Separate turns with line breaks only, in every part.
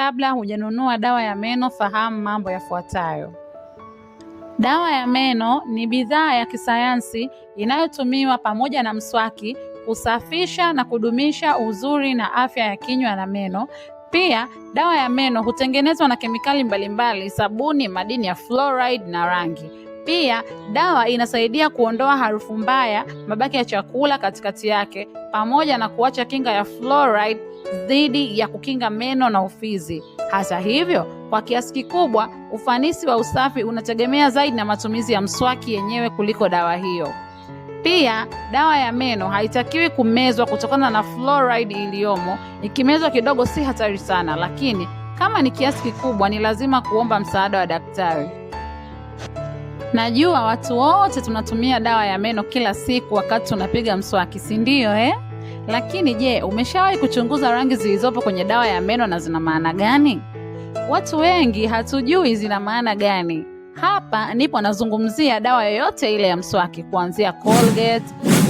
kabla hujanunua dawa ya meno, fahamu mambo yafuatayo. Dawa ya meno ni bidhaa ya kisayansi inayotumiwa pamoja na mswaki kusafisha na kudumisha uzuri na afya ya kinywa na meno. Pia dawa ya meno hutengenezwa na kemikali mbalimbali, sabuni, madini ya fluoride na rangi. Pia dawa inasaidia kuondoa harufu mbaya, mabaki ya chakula katikati yake, pamoja na kuacha kinga ya fluoride dhidi ya kukinga meno na ufizi. Hata hivyo, kwa kiasi kikubwa ufanisi wa usafi unategemea zaidi na matumizi ya mswaki yenyewe kuliko dawa hiyo. Pia dawa ya meno haitakiwi kumezwa kutokana na fluoride iliyomo. Ikimezwa kidogo si hatari sana, lakini kama ni kiasi kikubwa, ni lazima kuomba msaada wa daktari. Najua watu wote tunatumia dawa ya meno kila siku wakati tunapiga mswaki, si ndio eh? Lakini je, umeshawahi kuchunguza rangi zilizopo kwenye dawa ya meno na zina maana gani? Watu wengi hatujui zina maana gani. Hapa nipo nazungumzia dawa yoyote ile ya mswaki kuanzia Colgate,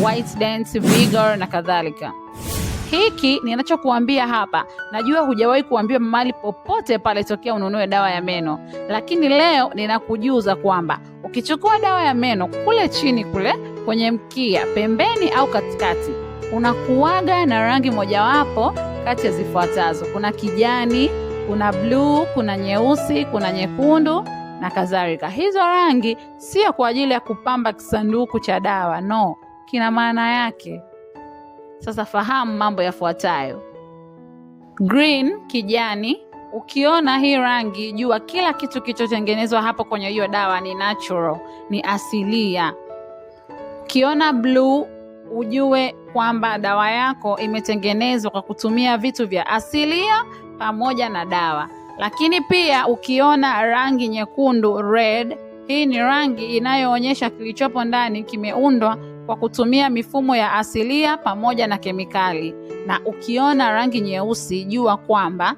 White Dent, Vigor na kadhalika. Hiki ninachokuambia hapa, najua hujawahi kuambiwa mahali popote pale tokea ununue dawa ya meno, lakini leo ninakujuza kwamba ukichukua dawa ya meno kule chini kule kwenye mkia, pembeni au katikati, unakuwaga na rangi mojawapo kati ya zifuatazo: kuna kijani, kuna bluu, kuna nyeusi, kuna nyekundu na kadhalika. Hizo rangi sio kwa ajili ya kupamba kisanduku cha dawa, no, kina maana yake. Sasa fahamu mambo yafuatayo. Green, kijani. Ukiona hii rangi, jua kila kitu kilichotengenezwa hapo kwenye hiyo dawa ni natural, ni asilia. Ukiona bluu, ujue kwamba dawa yako imetengenezwa kwa kutumia vitu vya asilia pamoja na dawa. Lakini pia ukiona rangi nyekundu, red, hii ni rangi inayoonyesha kilichopo ndani kimeundwa kwa kutumia mifumo ya asilia pamoja na kemikali, na ukiona rangi nyeusi jua kwamba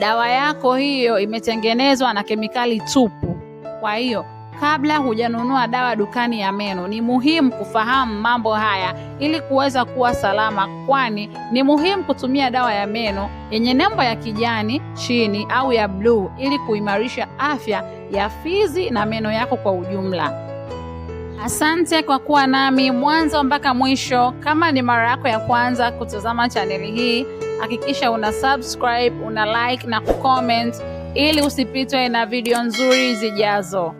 dawa yako hiyo imetengenezwa na kemikali tupu. Kwa hiyo kabla hujanunua dawa dukani ya meno, ni muhimu kufahamu mambo haya ili kuweza kuwa salama, kwani ni muhimu kutumia dawa ya meno yenye nembo ya kijani chini au ya bluu ili kuimarisha afya ya fizi na meno yako kwa ujumla. Asante kwa kuwa nami mwanzo mpaka mwisho. Kama ni mara yako ya kwanza kutazama chaneli hii, hakikisha una subscribe, una like na kucomment ili usipitwe na video nzuri zijazo.